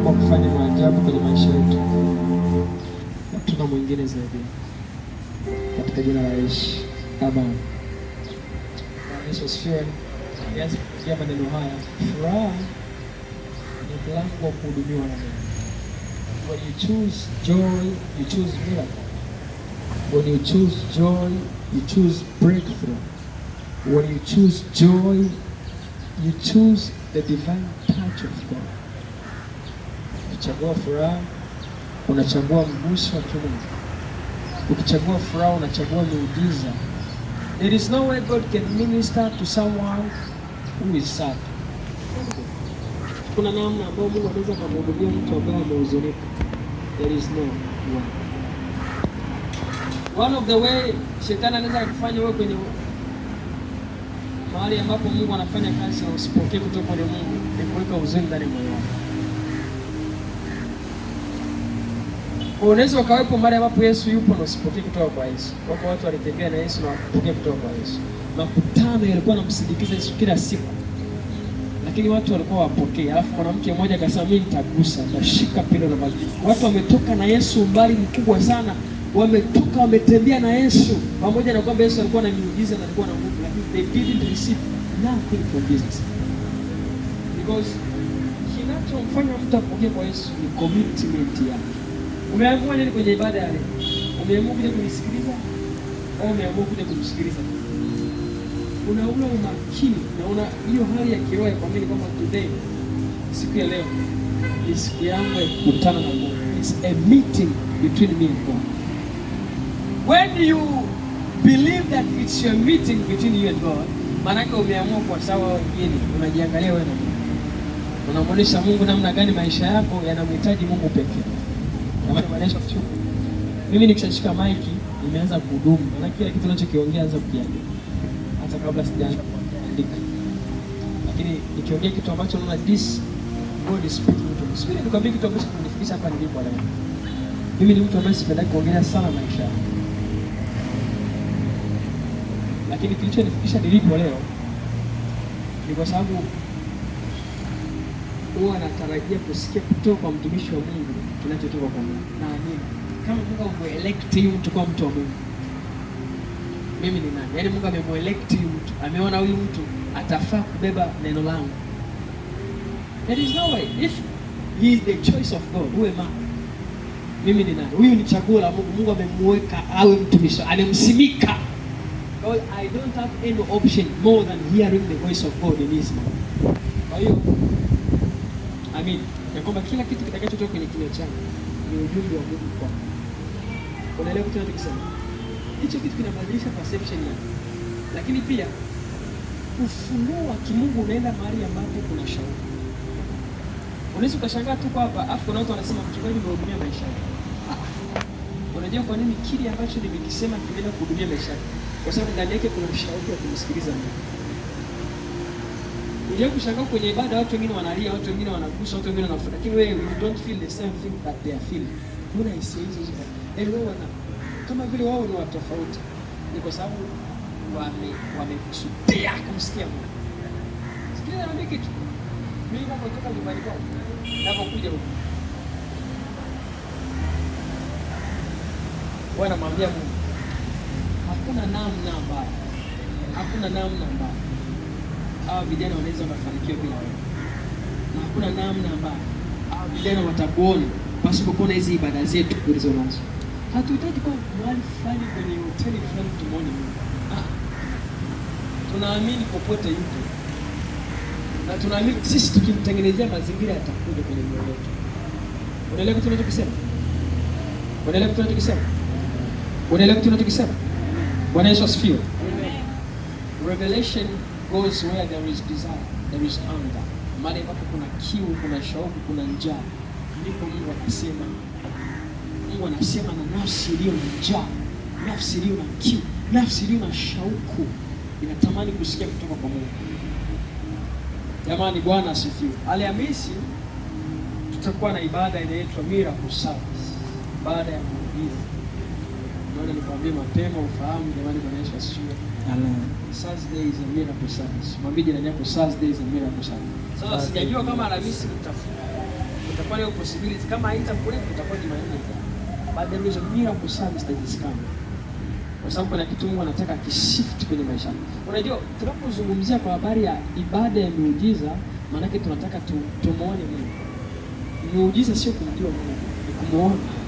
Tunaomba kufanya maajabu kwenye maisha yetu tuna mwingine zaidi, katika jina la Yesu amen. Yesu asifiwe. Nianze kupigia maneno haya, furaha ni mlango wa kuhudumiwa na Mungu. When you choose joy, you choose miracle. When you choose joy, you choose breakthrough. When you choose joy, you choose the divine touch of God. Ukichagua furaha unachagua mguso wa Mungu. Ukichagua furaha unachagua miujiza. There is no way God can minister to someone who is sad. Kuna namna ambayo Mungu anaweza kumhudumia mtu ambaye amehuzunika. There is no way. One of the way shetani anaweza kufanya wewe kwenye mahali ambapo Mungu anafanya kazi na usipokee kutoka kwa Mungu ni kuweka uzuri ndani ya moyo wako. Unaweza ukawepo mahali ambapo Yesu yupo na usipokee kutoka kwa Yesu. Wako watu walitembea na Yesu na wakapokea kutoka kwa Yesu. Makutano yalikuwa yanamsindikiza Yesu kila siku, lakini watu walikuwa wapokee. Alafu mwanamke mmoja akasema, mimi nitagusa, nashika pilo na maji. Watu wametoka na Yesu umbali mkubwa sana, wametoka wametembea na Yesu, pamoja na kwamba Yesu alikuwa na miujiza na alikuwa na nguvu, lakini they didn't receive nothing from Jesus because kinachomfanya mtu apokee kwa Yesu ni commitment yake Umeamua nini kwenye ibada yale? Umeamua kuja kunisikiliza au umeamua kuja kumsikiliza? Unaona umakini, naona hiyo hali ya kiroho ya kuamini kwamba today, siku ya leo ni siku yangu ya kukutana na Mungu. It's a meeting between me and God. When you believe that it's your meeting between you and God, maanake umeamua kwa sawa wengine, unajiangalia wewe na Mungu, unamwonyesha Mungu namna gani maisha yako yanamhitaji Mungu pekee. Mimi nikishashika maiki nimeanza kuhudumu. na kila kitu ninachokiongea anza kukiandika. Hata kabla sijaanza kuandika. Lakini nikiongea kitu ambacho naona this God is speaking to me. sikuwa nikwambia kitu ambacho kimenifikisha hapa nilipo leo. Mimi ni mtu ambaye sipenda kuongelea sana maisha. Lakini kilichonifikisha nilipo leo ni kwa sababu huwa anatarajia kusikia kutoka kwa mtumishi wa Mungu kinachotoka kwa Mungu. Naamini kama Mungu amemuelect amemuelekti mtu kwa mtu wa Mungu, mimi ni nani? Yaani Mungu amemuelect amemuelekti mtu, ameona huyu mtu atafaa kubeba neno langu. There is no way if he is the choice of God, who am I? Mimi ni nani? Huyu ni chaguo la Mungu. Mungu amemweka awe mtumishi, amemsimika. God, I don't have any option more than hearing the voice of God in his mouth. Kwa hiyo amini ya kwamba kila kitu kitakachotoka kwenye kinywa changu ni ujumbe wa Mungu kwa. Unaelewa kitu nachokisema? Hicho kitu kinabadilisha perception yako, lakini pia ufunuo wa kimungu unaenda mahali ambapo kuna shauku. Unaweza ukashangaa tu kwa hapa, afu kuna watu wanasema mchungaji, umehudumia maisha yake. Ah. Unajua kwa nini? Kile ambacho nimekisema kimeenda kuhudumia maisha yake? kwa sababu ndani yake kuna shauku ya kumsikiliza Mungu. Sijawahi kushangaa kwenye ibada watu wengine wanalia, watu wengine wanagusa, watu wengine wanafurahi. Lakini wewe you don't feel the same thing that they are feeling. Kuna hisia hizo hizo. Yaani eh, wewe wana kama vile wao ni watu tofauti. Ni kwa sababu wame wamekusudia kumsikia Mungu. Sikia na mimi kitu. Mimi kama kutoka nyumbani kwangu ninapokuja huku. Bwana mwambia Mungu. Hakuna namna mbaya. Hakuna namna mbaya hawa vijana wanaweza wakafanikiwa bila wewe, na hakuna namna ambayo hawa vijana watakuona pasipo kuona hizi ibada zetu tulizo nazo. Hatuhitaji kuwa mahali fulani kwenye hoteli fulani tumwone Mungu. Ah, tunaamini popote yuko na tunaamini sisi tukimtengenezea mazingira yatakuja kwenye mioyo yetu. Unaelewa kitu tunachokisema? Unaelewa kitu tunachokisema? Unaelewa kitu tunachokisema? Bwana Yesu asifiwe. Amen. Revelation goes where there is desire, there is hunger. Mahali ambapo kuna kiu, kuna shauku, kuna njaa, ndipo Mungu anasema. Mungu anasema na nafsi iliyo na njaa, nafsi iliyo na kiu, nafsi iliyo na shauku inatamani kusikia kutoka kwa Mungu. Jamani, Bwana asifiwe. Alhamisi tutakuwa na ibada inaitwa Miracle Service baada ya kuhubiri ndio nikwambie mapema ufahamu, jamani, Bwana Yesu asifiwe. Amen. Thursday is a miracle service. Mwambie jirani yako Thursday is a miracle service. Sasa sijajua kama Alhamisi mtafuta. Utakuwa leo possibility kama haitakuwepo utakuwa Jumanne. But there is a miracle service that is coming. Kwa sababu kuna kitu Mungu anataka kishift kwenye maisha. Unajua tunapozungumzia kwa habari ya ibada ya miujiza, maanake tunataka tu, tumuone Mungu. Miujiza sio kumjua Mungu, ni kumuona.